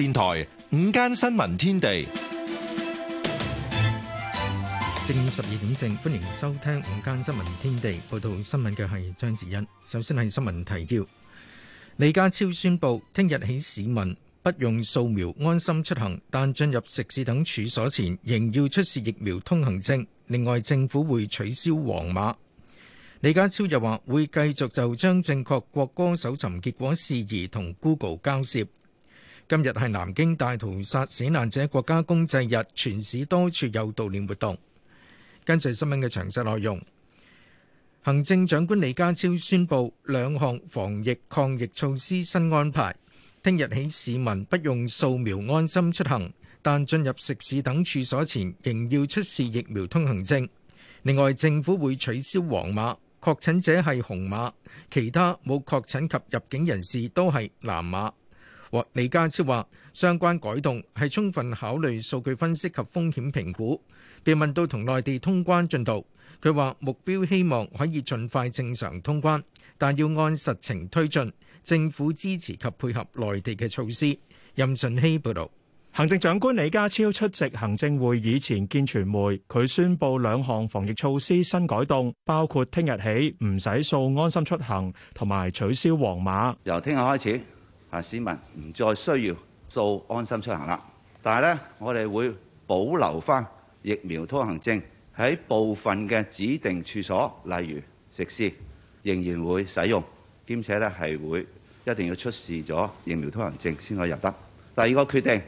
電台午間新聞天地正午十二點正，歡迎收聽午間新聞天地。報道新聞嘅係張智欣。首先係新聞提要：李家超宣佈，聽日起市民不用掃描安心出行，但進入食肆等處所前，仍要出示疫苗通行證。另外，政府會取消黃碼。李家超又話會繼續就將正確國歌搜尋結果事宜同 Google 交涉。今日係南京大屠殺死難者國家公祭日，全市多處有悼念活動。根據新聞嘅詳細內容，行政長官李家超宣布兩項防疫抗疫措施新安排。聽日起，市民不用掃描安心出行，但進入食肆等處所前，仍要出示疫苗通行證。另外，政府會取消黃碼，確診者係紅碼，其他冇確診及入境人士都係藍碼。李家超話：相關改動係充分考慮數據分析及風險評估。被問到同內地通關進度，佢話目標希望可以盡快正常通關，但要按實情推進，政府支持及配合內地嘅措施。任俊熙報導。行政長官李家超出席行政會議前見傳媒，佢宣布兩項防疫措施新改動，包括聽日起唔使掃安心出行，同埋取消黃碼。由聽日開始。啊！市民唔再需要做安心出行啦，但係呢，我哋會保留翻疫苗通行證喺部分嘅指定處所，例如食肆，仍然會使用兼且呢，係會一定要出示咗疫苗通行證先可以入得。第二個決定，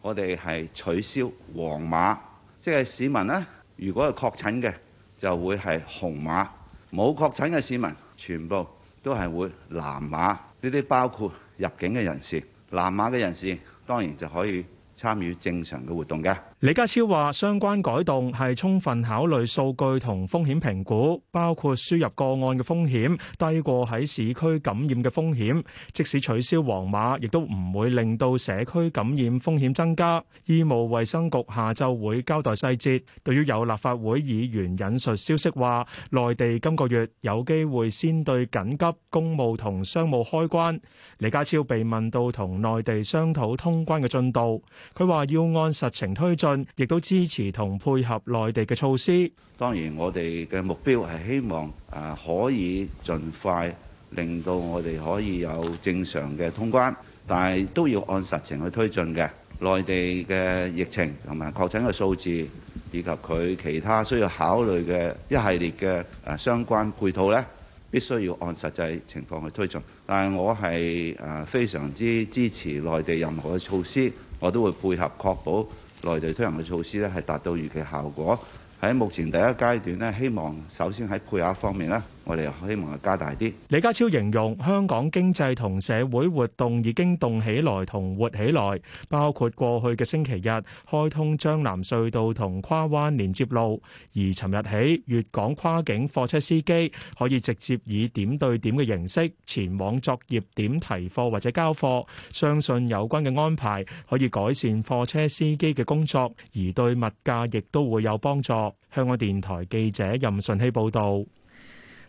我哋係取消黃碼，即係市民呢，如果係確診嘅就會係紅碼，冇確診嘅市民全部都係會藍碼。呢啲包括。入境嘅人士，南亞嘅人士，當然就可以參與正常嘅活動嘅。李家超話：相關改動係充分考慮數據同風險評估，包括輸入個案嘅風險低過喺市區感染嘅風險。即使取消黃碼，亦都唔會令到社區感染風險增加。醫務衛生局下晝會交代細節。對於有立法會議員引述消息話內地今個月有機會先對緊急公務同商務開關，李家超被問到同內地商討通關嘅進度，佢話要按實情推進。亦都支持同配合內地嘅措施。當然，我哋嘅目標係希望啊，可以盡快令到我哋可以有正常嘅通關，但係都要按實情去推進嘅內地嘅疫情同埋確診嘅數字，以及佢其他需要考慮嘅一系列嘅誒相關配套呢，必須要按實際情況去推進，但係我係誒非常之支持內地任何嘅措施，我都會配合確保。內地推行嘅措施咧，係達到預期效果。喺目前第一階段咧，希望首先喺配額方面啦。我哋希望係加大啲。李家超形容香港經濟同社會活動已經動起來同活起來，包括過去嘅星期日開通將藍隧道同跨灣連接路，而尋日起，粵港跨境貨車司機可以直接以點對點嘅形式前往作業點提貨或者交貨。相信有關嘅安排可以改善貨車司機嘅工作，而對物價亦都會有幫助。香港電台記者任順希報導。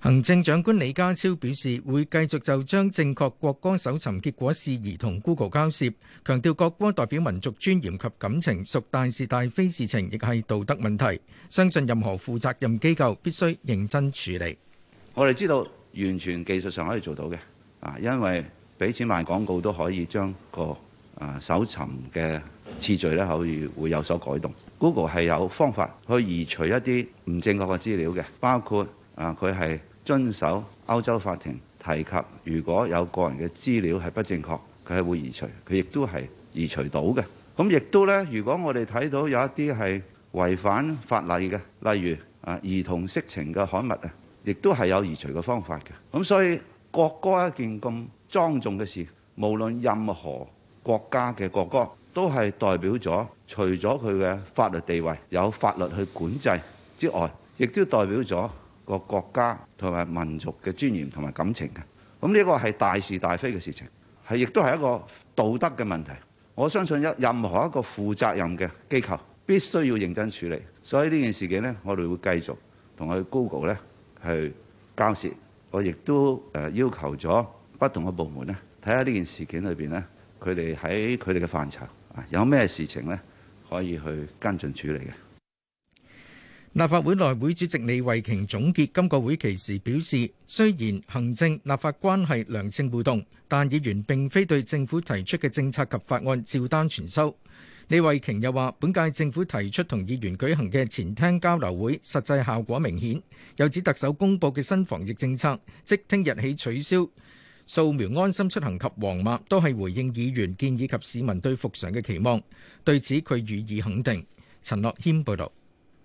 行政長官李家超表示，會繼續就將正確國歌搜尋結果事宜同 Google 交涉，強調國歌代表民族尊嚴及感情，屬大是大非事情，亦係道德問題。相信任何負責任機構必須認真處理。我哋知道，完全技術上可以做到嘅，啊，因為俾錢賣廣告都可以將個啊搜尋嘅次序咧，可以會有所改動。Google 係有方法去移除一啲唔正確嘅資料嘅，包括啊，佢係。遵守歐洲法庭提及，如果有個人嘅資料係不正確，佢係會移除，佢亦都係移除到嘅。咁亦都呢，如果我哋睇到有一啲係違反法例嘅，例如啊兒童色情嘅刊物啊，亦都係有移除嘅方法嘅。咁所以國歌一件咁莊重嘅事，無論任何國家嘅國歌，都係代表咗除咗佢嘅法律地位有法律去管制之外，亦都代表咗。個國家同埋民族嘅尊嚴同埋感情嘅，咁呢個係大是大非嘅事情，係亦都係一個道德嘅問題。我相信一任何一個負責任嘅機構必須要認真處理。所以呢件事件呢，我哋會繼續同佢 Google 呢去交涉。我亦都誒要求咗不同嘅部門呢，睇下呢件事件裏邊呢，佢哋喺佢哋嘅範疇啊，有咩事情呢，可以去跟進處理嘅。立法會內會主席李慧瓊總結今個會期時表示，雖然行政立法關係良性互動，但議員並非對政府提出嘅政策及法案照單全收。李慧瓊又話：本屆政府提出同議員舉行嘅前廳交流會，實際效果明顯。又指特首公布嘅新防疫政策，即聽日起取消掃描安心出行及黃碼，都係回應議員建議及市民對復常嘅期望。對此佢予以肯定。陳樂軒報導。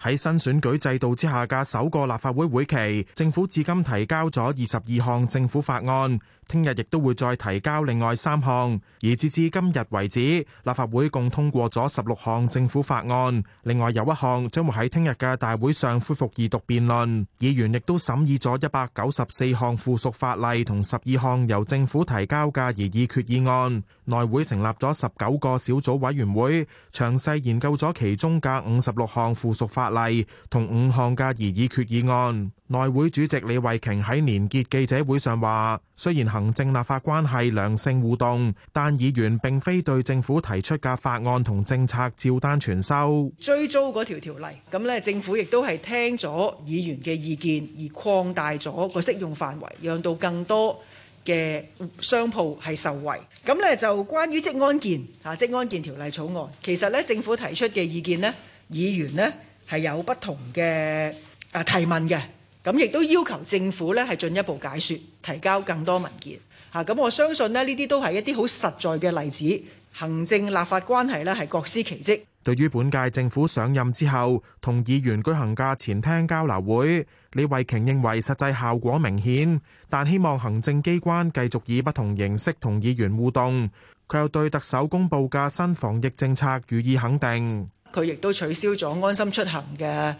喺新選舉制度之下嘅首個立法會會期，政府至今提交咗二十二項政府法案，聽日亦都會再提交另外三項。而截至，至今日為止，立法會共通過咗十六項政府法案，另外有一項將會喺聽日嘅大會上恢復二讀辯論。議員亦都審議咗一百九十四項附屬法例同十二項由政府提交嘅而議決議案。內會成立咗十九個小組委員會，詳細研究咗其中嘅五十六項附屬法例。例同五項嘅議員決議案，內會主席李慧瓊喺年結記者會上話，雖然行政立法關係良性互動，但議員並非對政府提出嘅法案同政策照單全收。追租嗰條條例，咁咧政府亦都係聽咗議員嘅意見而擴大咗個適用範圍，讓到更多嘅商鋪係受惠。咁咧就關於職安健吓職安健條例草案，其實咧政府提出嘅意見呢，議員呢。係有不同嘅啊提問嘅，咁亦都要求政府呢係進一步解説，提交更多文件嚇。咁我相信呢，呢啲都係一啲好實在嘅例子，行政立法關係呢係各司其職。對於本屆政府上任之後同議員舉行嘅前廳交流會，李慧瓊認為實際效果明顯，但希望行政機關繼續以不同形式同議員互動。佢又對特首公布嘅新防疫政策予以肯定。佢亦都取消咗安心出行嘅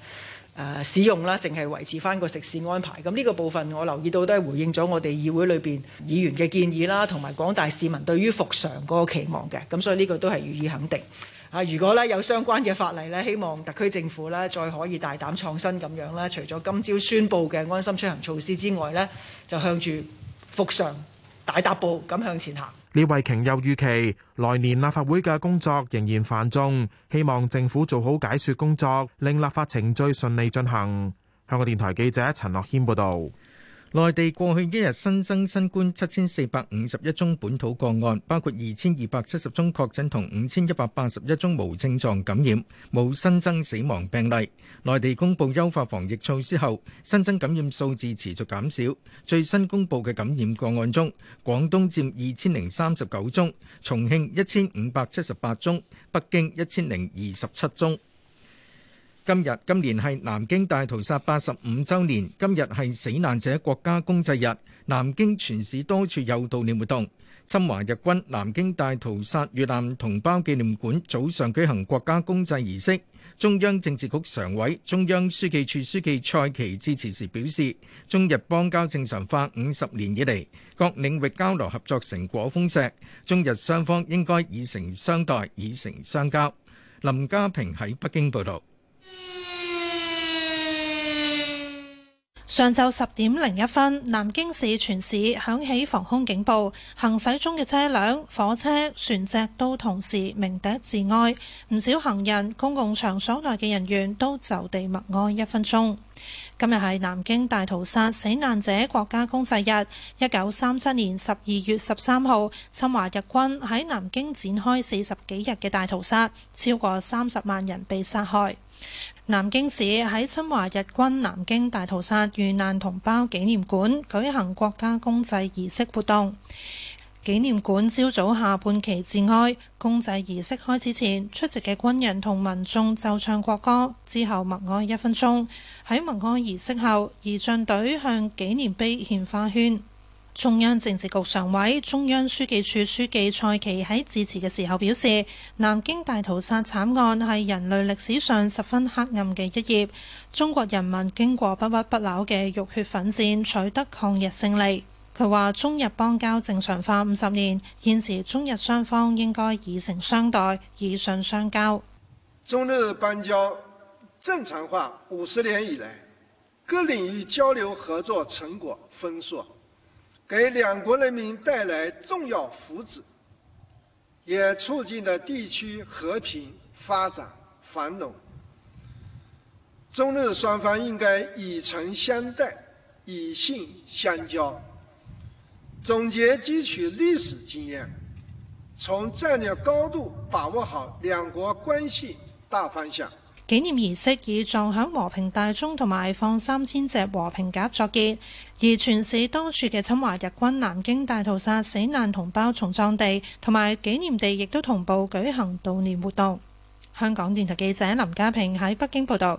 誒使用啦，淨係維持翻個食肆安排。咁呢個部分我留意到都係回應咗我哋議會裏邊議員嘅建議啦，同埋廣大市民對於復常嗰個期望嘅。咁所以呢個都係予以肯定。啊，如果呢有相關嘅法例呢，希望特區政府呢再可以大膽創新咁樣啦。除咗今朝宣布嘅安心出行措施之外呢，就向住復常。大踏步咁向前行。李慧瓊又預期，來年立法會嘅工作仍然繁重，希望政府做好解説工作，令立法程序順利進行。香港電台記者陳樂軒報導。內地過去一日新增新冠七千四百五十一宗本土個案，包括二千二百七十宗確診同五千一百八十一宗無症狀感染，冇新增死亡病例。內地公布優化防疫措施後，新增感染數字持續減少。最新公布嘅感染個案中，廣東佔二千零三十九宗，重慶一千五百七十八宗，北京一千零二十七宗。今日今年係南京大屠殺八十五周年，今日係死難者國家公祭日。南京全市多處有悼念活動，侵華日軍南京大屠殺遇難同胞紀念館早上舉行國家公祭儀式。中央政治局常委、中央書記處書記蔡奇致辭時表示，中日邦交正常化五十年以嚟，各領域交流合作成果豐碩，中日雙方應該以誠相待，以誠相交。林家平喺北京報道。上晝十點零一分，南京市全市響起防空警報，行駛中嘅車輛、火車、船隻都同時鳴笛致哀。唔少行人、公共場所內嘅人員都就地默哀一分鐘。今日係南京大屠殺死難者國家公祭日，一九三七年十二月十三號，侵華日軍喺南京展開四十幾日嘅大屠殺，超過三十萬人被殺害。南京市喺侵華日軍南京大屠殺遇難同胞紀念館舉行國家公祭儀式活動。紀念館朝早下半旗致哀，公祭儀式開始前，出席嘅軍人同民眾奏唱國歌，之後默哀一分鐘。喺默哀儀式後，儀仗隊向紀念碑獻花圈。中央政治局常委、中央書記處書記蔡奇喺致辭嘅時候表示，南京大屠殺慘案係人類歷史上十分黑暗嘅一頁。中國人民經過不屈不撓嘅浴血奮戰，取得抗日勝利。佢話中日邦交正常化五十年，現時中日雙方應該以誠相待，以信相交。中日邦交正常化五十年以來，各領域交流合作成果豐碩。給兩國人民帶來重要福祉，也促進了地區和平發展繁榮。中日雙方應該以誠相待，以信相交。總結汲取歷史經驗，從戰略高度把握好兩國關係大方向。紀念儀式以撞響和平大鐘同埋放三千隻和平鴿作結，而全市多處嘅侵華日軍南京大屠殺死難同胞叢葬地同埋紀念地亦都同步舉行悼念活動。香港電台記者林家平喺北京報道。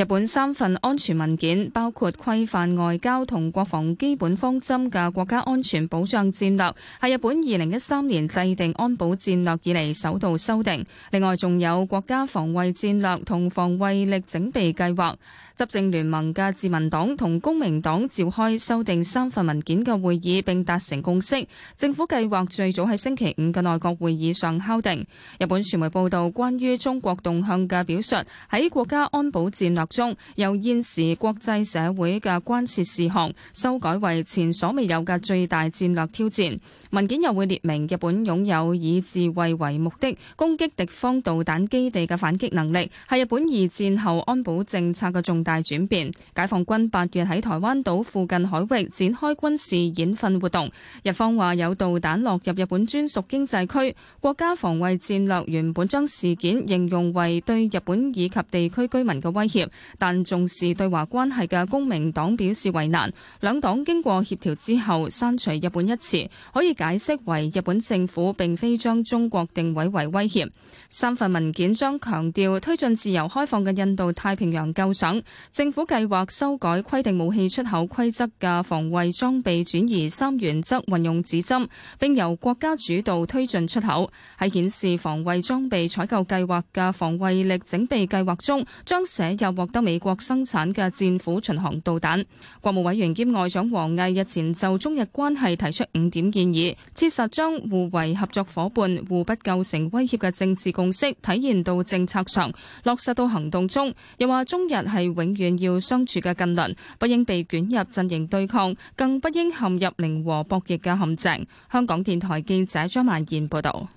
日本三份安全文件，包括規範外交和國防基本方針的國家安全保障戰略，在日本2013年制定安保戰略以來首度修訂，另外還有國家防衛戰略和防衛力整備計劃，執政聯盟的自民黨和公明黨召開修訂三份文件的會議，並達成共識，政府計劃最早在星期五的內閣會議上敲定。日本傳媒報道關於中國動向的表述，在國家安保戰略中由現時國際社會嘅關切事項修改為前所未有嘅最大戰略挑戰。文件又會列明日本擁有以自衛為目的攻擊敵方導彈基地嘅反擊能力，係日本二戰後安保政策嘅重大轉變。解放軍八月喺台灣島附近海域展開軍事演訓活動，日方話有導彈落入日本專屬經濟區。國家防衛戰略原本將事件形容為對日本以及地區居民嘅威脅，但重視對華關係嘅公明黨表示為難。兩黨經過協調之後刪除日本一詞，可以解釋為日本政府並非將中國定位為威脅。三份文件將強調推進自由開放嘅印度太平洋構想。政府計劃修改規定武器出口規則嘅防衛裝備轉移三原則，運用指針並由國家主導推進出口，喺顯示防衛裝備採購計劃嘅防衛力整備計劃中將寫入獲得美國生產嘅戰斧巡航導彈。國務委員兼外長王毅日前就中日關係提出五點建議。切實將互為合作夥伴、互不構成威脅嘅政治共識體現到政策上，落實到行動中。又話中日係永遠要相處嘅近鄰，不應被捲入陣營對抗，更不應陷入零和博弈嘅陷阱。香港電台記者張曼燕報道。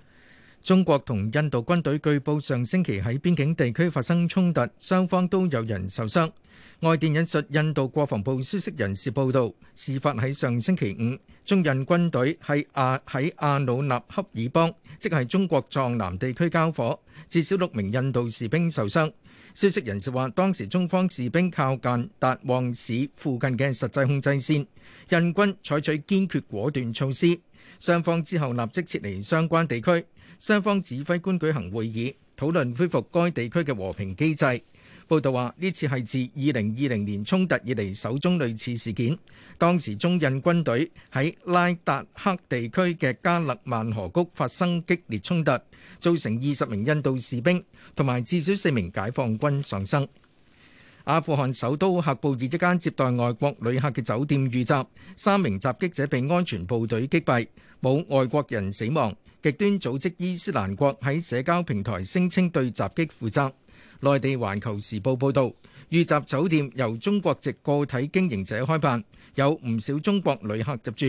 中國同印度軍隊據報上星期喺邊境地區發生衝突，雙方都有人受傷。外電引述印度國防部消息人士報道，事發喺上星期五，中印軍隊喺阿喺阿魯納恰爾邦，即係中國藏南地區交火，至少六名印度士兵受傷。消息人士話，當時中方士兵靠近達旺市附近嘅實際控制線，印軍採取堅決果斷措施，雙方之後立即撤離相關地區。雙方指揮官舉行會議，討論恢復該地區嘅和平機制。報道話，呢次係自二零二零年衝突以嚟首宗類似事件。當時中印軍隊喺拉達克地區嘅加勒萬河谷發生激烈衝突，造成二十名印度士兵同埋至少四名解放軍喪生。阿富汗首都喀布爾一間接待外國旅客嘅酒店遇襲，三名襲擊者被安全部隊擊斃，冇外國人死亡。極端組織伊斯蘭國喺社交平台聲稱對襲擊負責。內地《環球時報》報導，遇襲酒店由中國籍個體經營者開辦，有唔少中國旅客入住。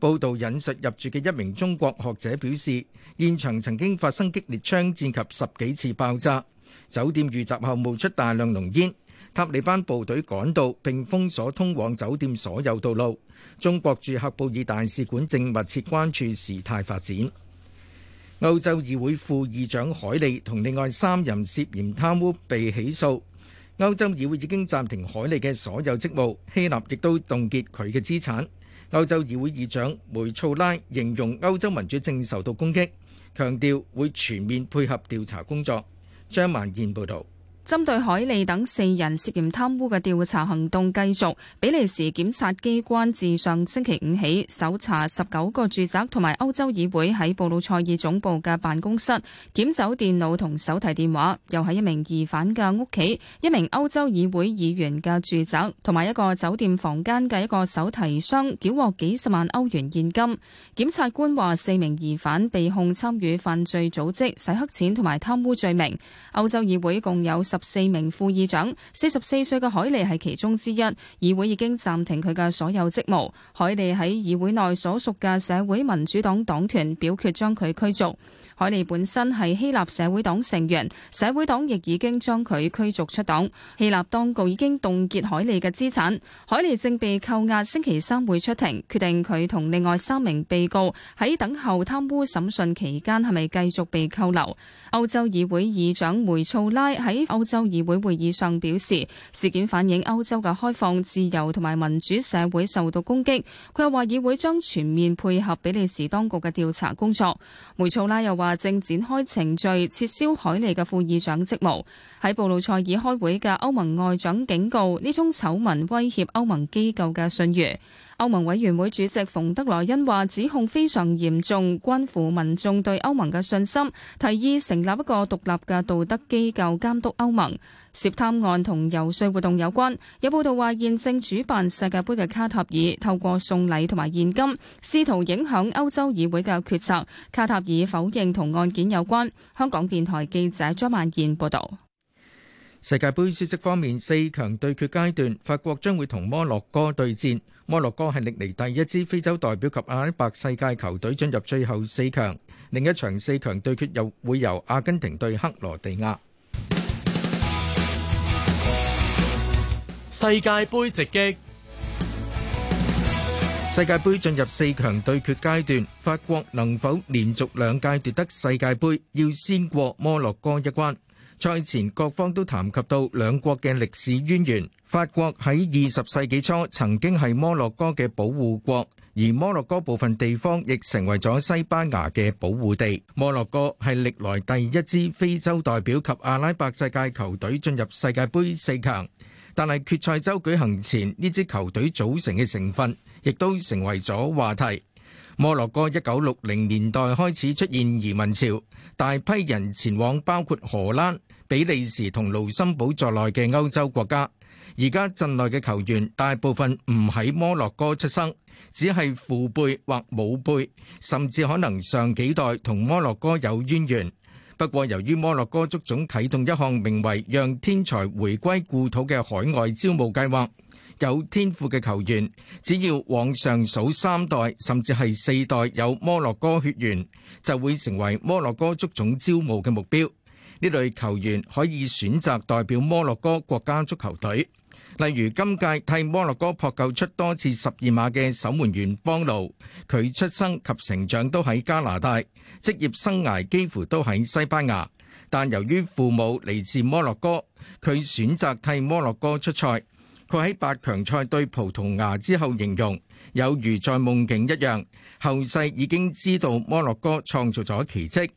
報導引述入住嘅一名中國學者表示，現場曾經發生激烈槍戰及十幾次爆炸，酒店遇襲後冒出大量濃煙。塔利班部隊趕到並封鎖通往酒店所有道路。中國駐喀布爾大使館正密切關注事態發展。歐洲議會副議長海利同另外三人涉嫌貪污被起訴，歐洲議會已經暫停海利嘅所有職務，希臘亦都凍結佢嘅資產。歐洲議會議長梅措拉形容歐洲民主正受到攻擊，強調會全面配合調查工作。張萬彥報導。針對海利等四人涉嫌貪污嘅調查行動繼續，比利時檢察機關自上星期五起搜查十九個住宅同埋歐洲議會喺布魯塞爾總部嘅辦公室，檢走電腦同手提電話，又喺一名疑犯嘅屋企、一名歐洲議會議員嘅住宅同埋一個酒店房間嘅一個手提箱繳獲幾十萬歐元現金。檢察官話四名疑犯被控參與犯罪組織、洗黑錢同埋貪污罪名。歐洲議會共有十十四名副議長，四十四歲嘅海利係其中之一。議會已經暫停佢嘅所有職務。海利喺議會內所屬嘅社會民主黨黨團表決將佢驅逐。海利本身係希臘社會黨成員，社會黨亦已經將佢驅逐出黨。希臘當局已經凍結海利嘅資產，海利正被扣押，星期三會出庭，決定佢同另外三名被告喺等候貪污審訊期間係咪繼續被扣留。歐洲議會議長梅措拉喺歐洲議會會議上表示，事件反映歐洲嘅開放、自由同埋民主社會受到攻擊，佢又話議會將全面配合比利時當局嘅調查工作。梅措拉又話。正展開程序撤銷海利嘅副議長職務。喺布魯塞爾開會嘅歐盟外長警告，呢宗醜聞威脅歐盟機構嘅信譽。歐盟委員會主席馮德萊恩話指控非常嚴重，關乎民眾對歐盟嘅信心，提議成立一個獨立嘅道德機構監督歐盟。涉貪案同游說活動有關，有報道話現正主辦世界杯嘅卡塔爾透過送禮同埋現金，試圖影響歐洲議會嘅決策。卡塔爾否認同案件有關。香港電台記者張曼燕報道。世界杯消息方面，四強對決階段，法國將會同摩洛哥對戰。摩洛哥係歷來第一支非洲代表及阿拉伯世界球隊進入最後四強，另一場四強對決又會由阿根廷對克羅地亞。世界盃直擊，世界盃進入四強對決階段，法國能否連續兩屆奪得世界盃，要先過摩洛哥一關。賽前各方都談及到兩國嘅歷史淵源。法國喺二十世紀初曾經係摩洛哥嘅保護國，而摩洛哥部分地方亦成為咗西班牙嘅保護地。摩洛哥係歷來第一支非洲代表及阿拉伯世界球隊進入世界杯四強，但係決賽周舉行前，呢支球隊組成嘅成分亦都成為咗話題。摩洛哥一九六零年代開始出現移民潮，大批人前往包括荷蘭、比利時同盧森堡在內嘅歐洲國家。而家陣內嘅球員大部分唔喺摩洛哥出生，只係父輩或母輩，甚至可能上幾代同摩洛哥有淵源。不過，由於摩洛哥足總啟動一項名為讓天才回歸故土嘅海外招募計劃。有天賦嘅球員，只要往上數三代，甚至係四代有摩洛哥血緣，就會成為摩洛哥足總招募嘅目標。呢類球員可以選擇代表摩洛哥國家足球隊。例如今屆替摩洛哥撲救出多次十二碼嘅守門員邦奴，佢出生及成長都喺加拿大，職業生涯幾乎都喺西班牙，但由於父母嚟自摩洛哥，佢選擇替摩洛哥出賽。佢喺八強賽對葡萄牙之後形容有如在夢境一樣，後世已經知道摩洛哥創造咗奇蹟。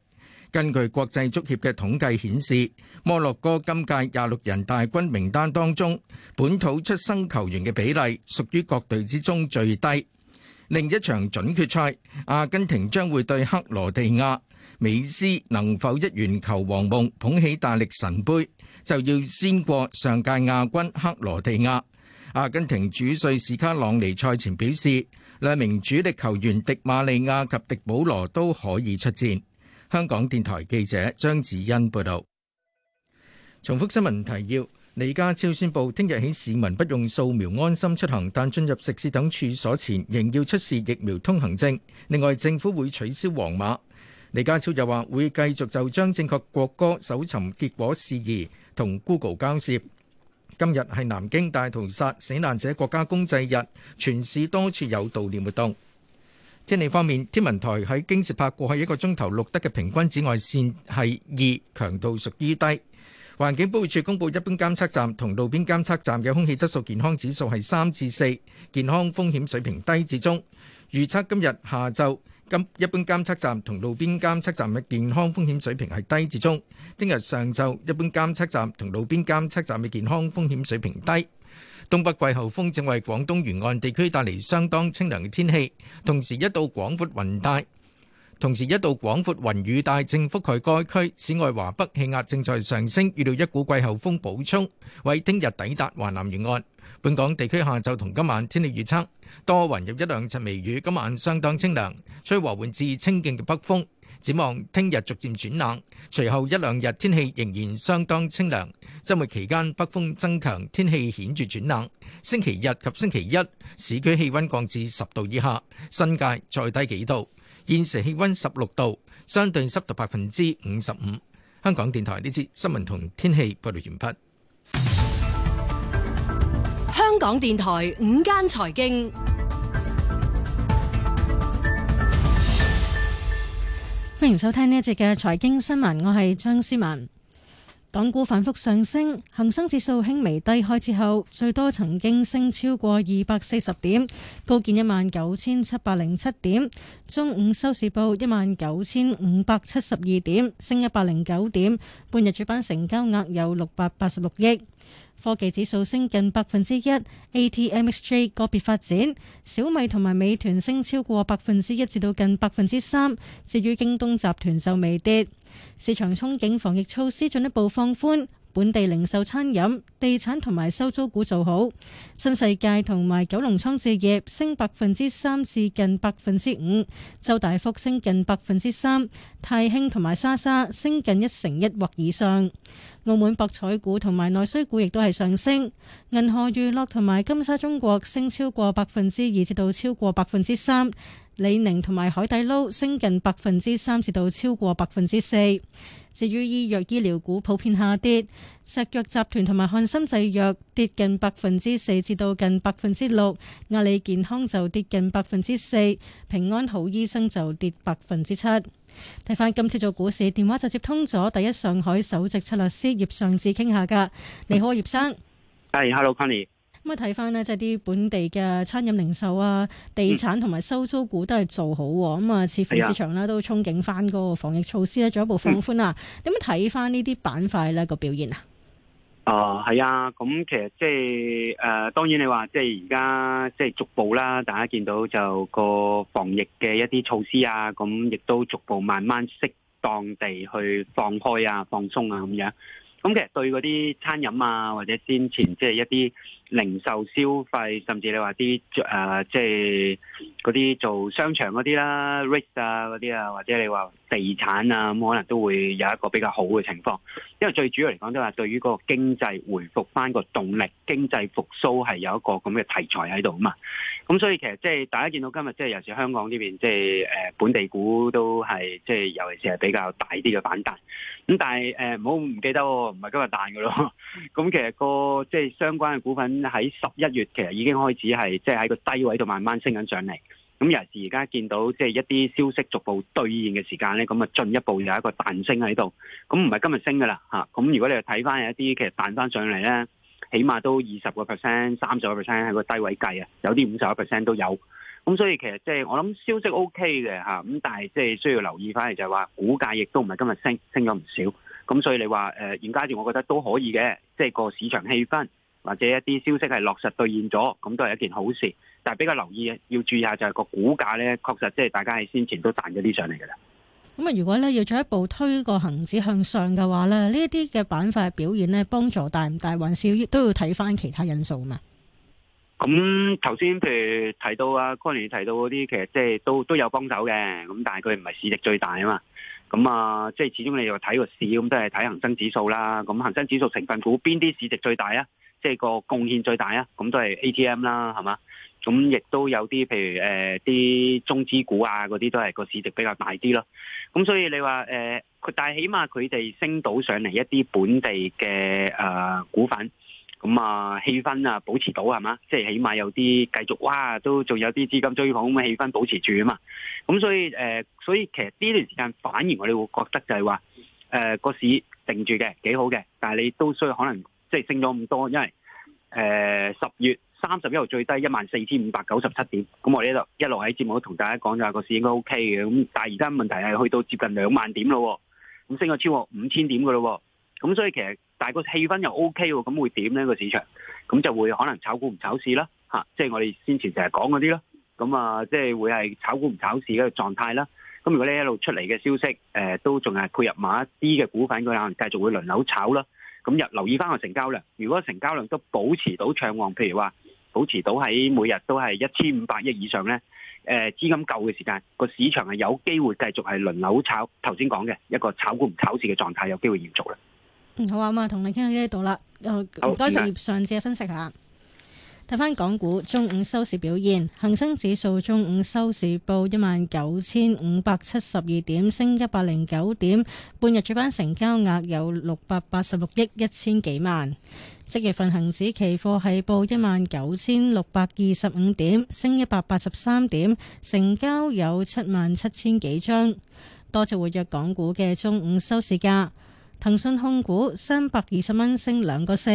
根據國際足協嘅統計顯示，摩洛哥今屆廿六人大軍名單當中，本土出生球員嘅比例屬於各隊之中最低。另一場準決賽，阿根廷將會對克羅地亞，美斯能否一圓球王夢，捧起大力神杯？就要先過上屆亞軍克羅地亞。阿根廷主帥史卡朗尼賽前表示，兩名主力球員迪馬利亞及迪保羅都可以出戰。香港電台記者張子欣報導。重複新聞提要：李家超宣布，聽日起市民不用掃描安心出行，但進入食肆等處所前仍要出示疫苗通行證。另外，政府會取消黃碼。李家超又話會繼續就將正確國歌搜尋結果事宜。同 Google 交涉。今日係南京大屠殺死難者國家公祭日，全市多處有悼念活動。天氣方面，天文台喺京士柏過去一個鐘頭錄得嘅平均紫外線係二強度，屬於低。環境保護署公布，一般監測站同路邊監測站嘅空氣質素健康指數係三至四，健康風險水平低至中。預測今日下晝。今一般監測站同路邊監測站嘅健康風險水平係低至中。聽日上晝，一般監測站同路邊監測站嘅健康風險水平低。東北季候風正為廣東沿岸地區帶嚟相當清涼嘅天氣，同時一道廣闊雲帶，同時一道廣闊雲雨帶正覆蓋該區。此外，華北氣壓正在上升，預料一股季候風補充，為聽日抵達華南沿岸。本港地區下晝同今晚天氣預測，多雲有一兩陣微雨，今晚相當清涼，吹和緩至清勁嘅北風。展望聽日逐漸轉冷，隨後一兩日天氣仍然相當清涼。週末期間北風增強，天氣顯著轉冷。星期日及星期一市區氣温降至十度以下，新界再低幾度。現時氣温十六度，相對濕度百分之五十五。香港電台呢節新聞同天氣報道完畢。香港電台五間財經，歡迎收聽呢一節嘅財經新聞。我係張思文。港股反覆上升，恒生指數輕微低開之後，最多曾經升超過二百四十點，高見一萬九千七百零七點。中午收市報一萬九千五百七十二點，升一百零九點。半日主板成交額有六百八十六億。科技指數升近百分之一，ATMXJ 個別發展，小米同埋美團升超過百分之一至到近百分之三，至於京東集團就微跌。市場憧憬防疫措施進一步放寬。本地零售、餐飲、地產同埋收租股做好，新世界同埋九龍倉置業升百分之三至近百分之五，周大福升近百分之三，泰興同埋莎莎升近一成一或以上。澳門博彩股同埋內需股亦都係上升，銀河娛樂同埋金沙中國升超過百分之二至到超過百分之三，李寧同埋海底撈升近百分之三至到超過百分之四。至於醫藥醫療股普遍下跌，石藥集團同埋漢森製藥跌近百分之四，至到近百分之六，阿里健康就跌近百分之四，平安好醫生就跌百分之七。睇翻今次做股市電話就接通咗，第一上海首席策略師葉尚志傾下噶。你好葉生，係，Hello，Connie。咁睇翻咧，即係啲本地嘅餐飲零售啊、地產同埋收租股都係做好，咁、嗯、啊，似乎市場咧都憧憬翻嗰個防疫措施咧進一步放寬、嗯嗯、啊。點樣睇翻呢啲板塊咧個表現啊？啊，係啊，咁其實即係誒，當然你話即係而家即係逐步啦，大家見到就個防疫嘅一啲措施啊，咁亦都逐步慢慢適當地去放開啊、放鬆啊咁樣。咁其實對嗰啲餐飲啊或者先前即係一啲。零售消費，甚至你話啲誒，即係嗰啲做商場嗰啲啦，retail 啊嗰啲啊，或者你話地產啊，咁可能都會有一個比較好嘅情況。因為最主要嚟講都係對於嗰個經濟回復翻個動力，經濟復甦係有一個咁嘅題材喺度啊嘛。咁所以其實即係大家見到今日即係尤其是香港呢邊，即係誒本地股都係即係尤其是係比較大啲嘅反彈。咁但係誒唔好唔記得喎，唔係今日彈嘅咯。咁其實個即係相關嘅股份。喺十一月，其實已經開始係即係喺個低位度慢慢升緊上嚟。咁尤其係而家見到即係一啲消息逐步兌現嘅時間咧，咁啊進一步有一個彈升喺度。咁唔係今日升噶啦嚇。咁如果你睇翻有一啲其實彈翻上嚟咧，起碼都二十個 percent、三十個 percent 喺個低位計啊，有啲五十個 percent 都有。咁所以其實即係我諗消息 OK 嘅嚇。咁但係即係需要留意翻嚟，就係話，股價亦都唔係今日升，升咗唔少。咁所以你話誒現階段，我覺得都可以嘅，即係個市場氣氛。或者一啲消息係落實兌現咗，咁都係一件好事。但係比較留意，要注意一下就係個股價咧，確實即係大家喺先前都賺咗啲上嚟噶啦。咁啊，如果咧要進一步推個恒指向上嘅話咧，呢一啲嘅板塊表現咧，幫助大唔大，還是要都要睇翻其他因素啊嘛。咁頭先譬如提到啊 Conny 提到嗰啲，其實即係都都有幫手嘅。咁但係佢唔係市值最大啊嘛。咁啊，即係始終你又睇個市咁，都係睇恒生指數啦。咁恒生指數成分股邊啲市值最大啊？即係個貢獻最大啊！咁都係 ATM 啦，係嘛？咁亦都有啲，譬如誒啲、呃、中資股啊，嗰啲都係個市值比較大啲咯。咁所以你話誒，佢、呃、但係起碼佢哋升到上嚟一啲本地嘅誒、呃、股份，咁、嗯、啊氣氛啊保持到係嘛？即係起碼有啲繼續哇，都仲有啲資金追捧，咁氣氛保持住啊嘛。咁所以誒、呃，所以其實呢段時間反而我哋會覺得就係話誒個市定住嘅，幾好嘅。但係你都需要可能。即係升咗咁多，因為誒十、呃、月三十一號最低一萬四千五百九十七點，咁我哋喺度一路喺節目都同大家講咗，下個市應該 O K 嘅，咁但係而家問題係去到接近兩萬點咯，咁升咗超過五千點噶咯，咁所以其實但係個氣氛又 O K 喎，咁會點呢？個市場？咁就會可能炒股唔炒市啦，吓，即係我哋先前成日講嗰啲咯，咁啊，即、就、係、是啊就是、會係炒股唔炒市嘅狀態啦。咁如果呢一路出嚟嘅消息，誒、呃、都仲係配入埋一啲嘅股份，佢可能繼續會輪流炒啦。咁又留意翻個成交量，如果成交量都保持到暢旺，譬如話保持到喺每日都係一千五百億以上咧，誒資金夠嘅時間，個市場係有機會繼續係輪流炒，頭先講嘅一個炒股唔炒市嘅狀態，有機會延續啦。嗯，好啊咁，同你傾到呢度啦。好，唔該，葉上次嘅分析下。睇返港股中午收市表現，恒生指數中午收市報一萬九千五百七十二點，升一百零九點。半日主板成交額有六百八十六億一千幾萬。即月份恒指期貨係報一萬九千六百二十五點，升一百八十三點，成交有七萬七千幾張。多隻活躍港股嘅中午收市價。騰訊控股三百二十蚊升兩個四，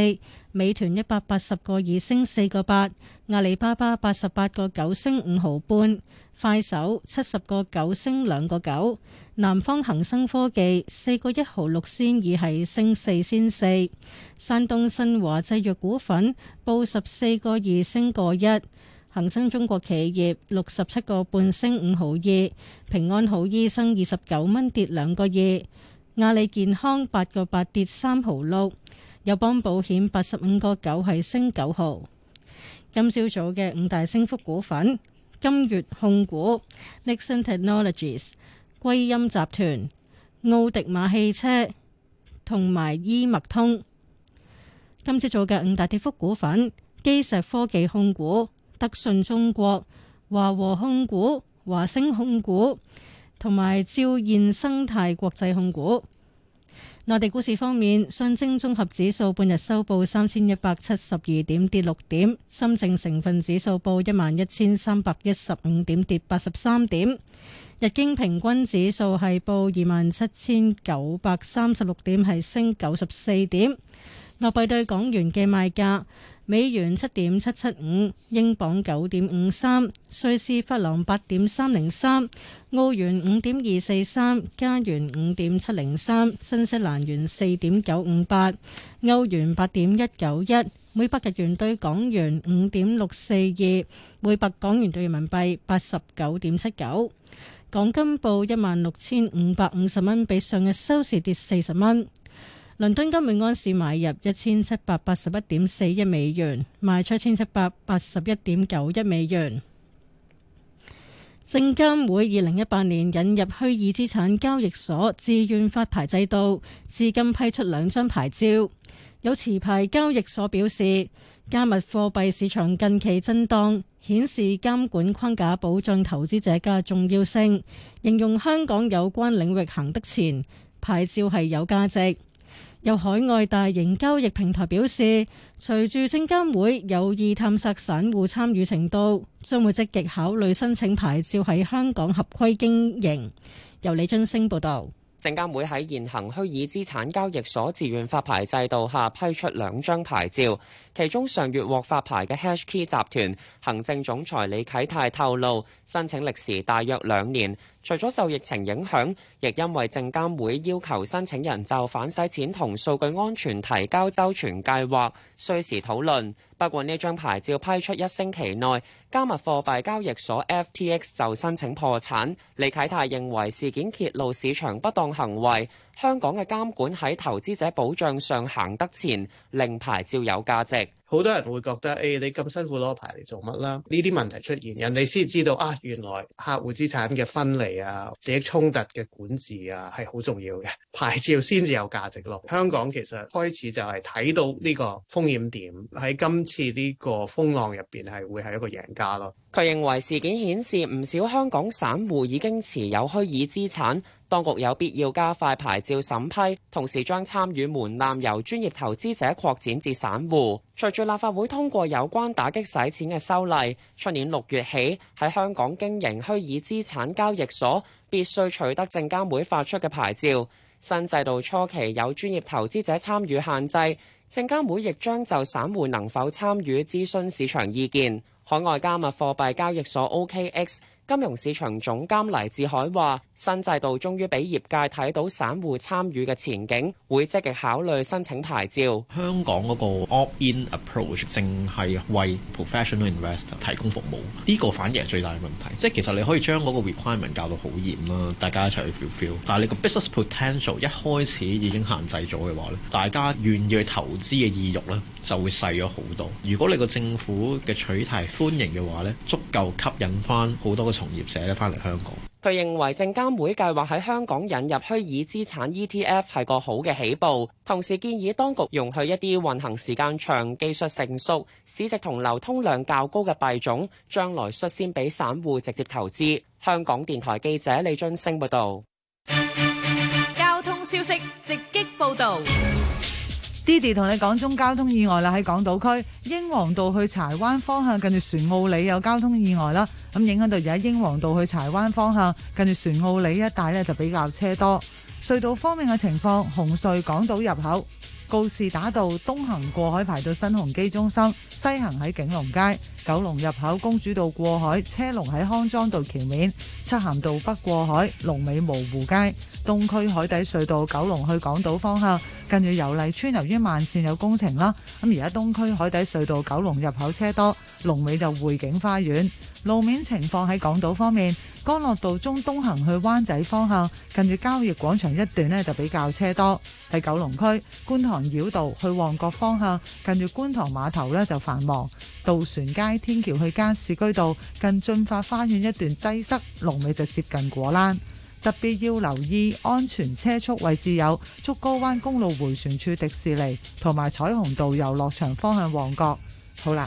美團一百八十個二升四個八，阿里巴巴八十八個九升五毫半，快手七十個九升兩個九，南方恒生科技四個一毫六仙已係升四仙四，山東新華製藥股份報十四個二升個一，恒生中國企業六十七個半升五毫二，平安好醫生二十九蚊跌兩個二。阿里健康八個八跌三毫六，友邦保險八十五個九係升九毫。今朝早嘅五大升幅股份：金月控股、Nixon Technologies、歸音集團、奧迪馬汽車同埋伊麥通。今朝早嘅五大跌幅股份：基石科技控股、德信中國、華和控股、華星控股。同埋，照現生態國際控股。內地股市方面，上證綜合指數半日收報三千一百七十二點，跌六點；深證成分指數報一萬一千三百一十五點，跌八十三點；日經平均指數係報二萬七千九百三十六點，係升九十四點。紐幣兌港元嘅賣價。美元七點七七五，英鎊九點五三，瑞士法郎八點三零三，澳元五點二四三，加元五點七零三，新西蘭元四點九五八，歐元八點一九一，每百日元兌港元五點六四二，每百港元兌人民幣八十九點七九，港金報一萬六千五百五十蚊，比上日收市跌四十蚊。倫敦金每安士買入一千七百八十一點四一美元，賣出一千七百八十一點九一美元。證監會二零一八年引入虛擬資產交易所自願發牌制度，至今批出兩張牌照。有持牌交易所表示，加密貨幣市場近期震盪，顯示監管框架保障投資者嘅重要性。形容香港有關領域行得前，牌照係有價值。有海外大型交易平台表示，隨住證監會有意探索散戶參與程度，將會積極考慮申請牌照喺香港合規經營，由李津升報道。證監會喺現行虛擬資產交易所自願發牌制度下批出兩張牌照，其中上月獲發牌嘅 HashKey 集團行政總裁李啟泰透露，申請歷時大約兩年。除咗受疫情影響，亦因為證監會要求申請人就反洗錢同數據安全提交周全計劃，需時討論。不過，呢張牌照批出一星期內，加密貨幣交易所 FTX 就申請破產。李啟泰認為事件揭露市場不當行為。香港嘅監管喺投資者保障上行得前，令牌照有價值。好多人會覺得，誒、哎、你咁辛苦攞牌嚟做乜啦？呢啲問題出現，人哋先知道啊，原來客戶資產嘅分離啊，利益衝突嘅管治啊，係好重要嘅。牌照先至有價值咯。香港其實開始就係睇到呢個風險點，喺今次呢個風浪入面係會係一個贏家咯。佢認為事件顯示唔少香港散戶已經持有虛擬資產。當局有必要加快牌照審批，同時將參與門檻由專業投資者擴展至散戶。隨住立法會通過有關打擊洗錢嘅修例，出年六月起喺香港經營虛擬資產交易所必須取得證監會發出嘅牌照。新制度初期有專業投資者參與限制，證監會亦將就散戶能否參與諮詢市場意見。海外加密貨幣交易所 OKX。金融市場總監黎志海話：新制度終於俾業界睇到散戶參與嘅前景，會積極考慮申請牌照。香港嗰個 opt-in approach 淨係為 professional investor 提供服務，呢個反而係最大嘅問題。即係其實你可以將嗰個 requirement 教到好嚴啦，大家一齊去 feel feel。但係你個 business potential 一開始已經限制咗嘅話咧，大家願意去投資嘅意欲咧就會細咗好多。如果你個政府嘅取態歡迎嘅話咧，足夠吸引翻好多從業社咧翻嚟香港，佢認為證監會計劃喺香港引入虛擬資產 ETF 係個好嘅起步，同時建議當局容許一啲運行時間長、技術成熟、市值同流通量較高嘅幣種，將來率先俾散戶直接投資。香港電台記者李俊升報導。交通消息直擊報導。Didi 同你講中交通意外啦，喺港島區英皇道去柴灣方向，跟住船澳里有交通意外啦，咁影響到而家英皇道去柴灣方向，跟住船澳里一帶咧就比較車多。隧道方面嘅情況，紅隧港島入口。告士打道東行過海排到新鴻基中心，西行喺景隆街、九龍入口公主道過海車龍喺康莊道橋面，漆咸道北過海龍尾蕪湖街，東區海底隧道九龍去港島方向，跟住油麗邨由於慢綫有工程啦，咁而家東區海底隧道九龍入口車多，龍尾就匯景花園。路面情況喺港島方面，干諾道中東行去灣仔方向，近住交易廣場一段呢就比較車多。喺九龍區，觀塘繞道去旺角方向，近住觀塘碼頭呢就繁忙。渡船街天橋去加士居道近進發花園一段擠塞，龍尾就接近果欄。特別要留意安全車速位置有竹篙灣公路回旋處、迪士尼同埋彩虹道遊樂場方向旺角。好啦。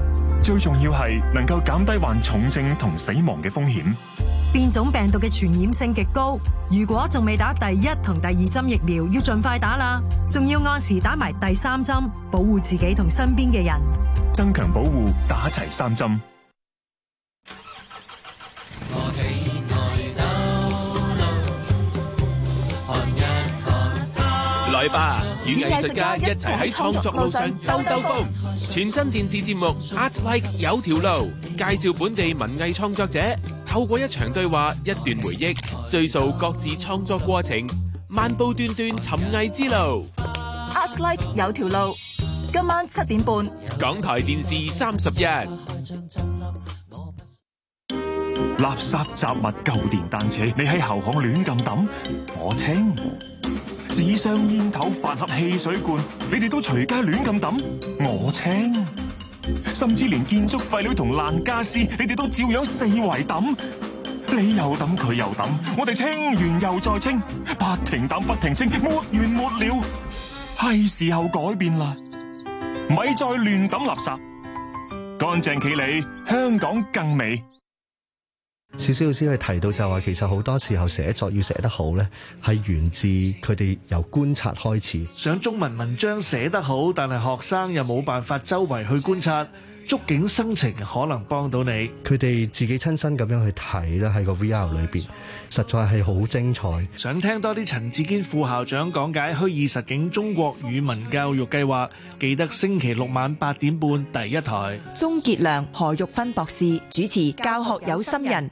最重要係能夠減低患重症同死亡嘅風險。變種病毒嘅傳染性極高，如果仲未打第一同第二針疫苗，要儘快打啦。仲要按時打埋第三針，保護自己同身邊嘅人。增強保護，打齊三針。我喜愛兜路，看一看他。來吧。藝術家一齊喺創作路上兜兜風，全新電視節目《Art Like 有條路》介紹本地文藝創作者，透過一場對話、一段回憶，敘述各自創作過程，漫步段段尋藝之路。《Art Like 有條路》今晚七點半，港台電視三十一。垃圾雜物、舊電單車，你喺後巷亂咁抌，我清。紙箱、煙頭、飯盒、汽水罐，你哋都隨街亂咁抌，我清；甚至連建築廢料同爛家私，你哋都照樣四圍抌。你又抌，佢又抌，我哋清完又再清，不停抌不停清，沒完沒了。係時候改變啦，咪再亂抌垃圾，乾淨企理，香港更美。少少老師佢提到就話，其實好多時候寫作要寫得好呢係源自佢哋由觀察開始。想中文文章寫得好，但係學生又冇辦法周圍去觀察，觸景生情可能幫到你。佢哋自己親身咁樣去睇啦，喺個 VR 裏邊，實在係好精彩。想聽多啲陳志堅副校長講解虛擬實境中國語文教育計劃，記得星期六晚八點半第一台。鍾杰良、何玉芬博士主持《教學有心人》心人。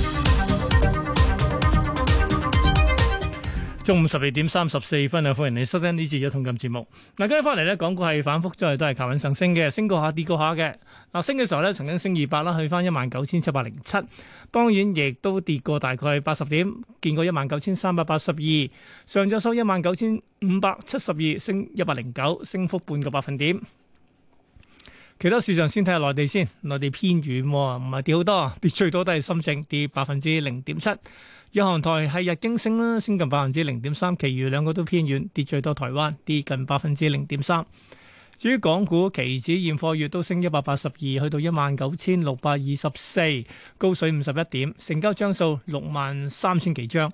中午十二點三十四分啊，歡迎你收聽呢次嘅《通鑑》節目。嗱，今日翻嚟咧，港股係反覆，即係都係靠穩上升嘅，升過下，跌過下嘅。嗱，升嘅時候咧，曾經升二百啦，去翻一萬九千七百零七。當然，亦都跌過，大概八十點，見過一萬九千三百八十二。上晝收一萬九千五百七十二，升一百零九，升幅半個百分點。其他市場先睇下內地先，內地偏遠喎，唔係跌好多，跌最多都係深證，跌百分之零點七。日行台係日經升啦，升近百分之零點三，其餘兩個都偏軟，跌最多台灣，跌近百分之零點三。至於港股，期指現貨月都升一百八十二，去到一萬九千六百二十四，高水五十一點，成交張數六萬三千幾張。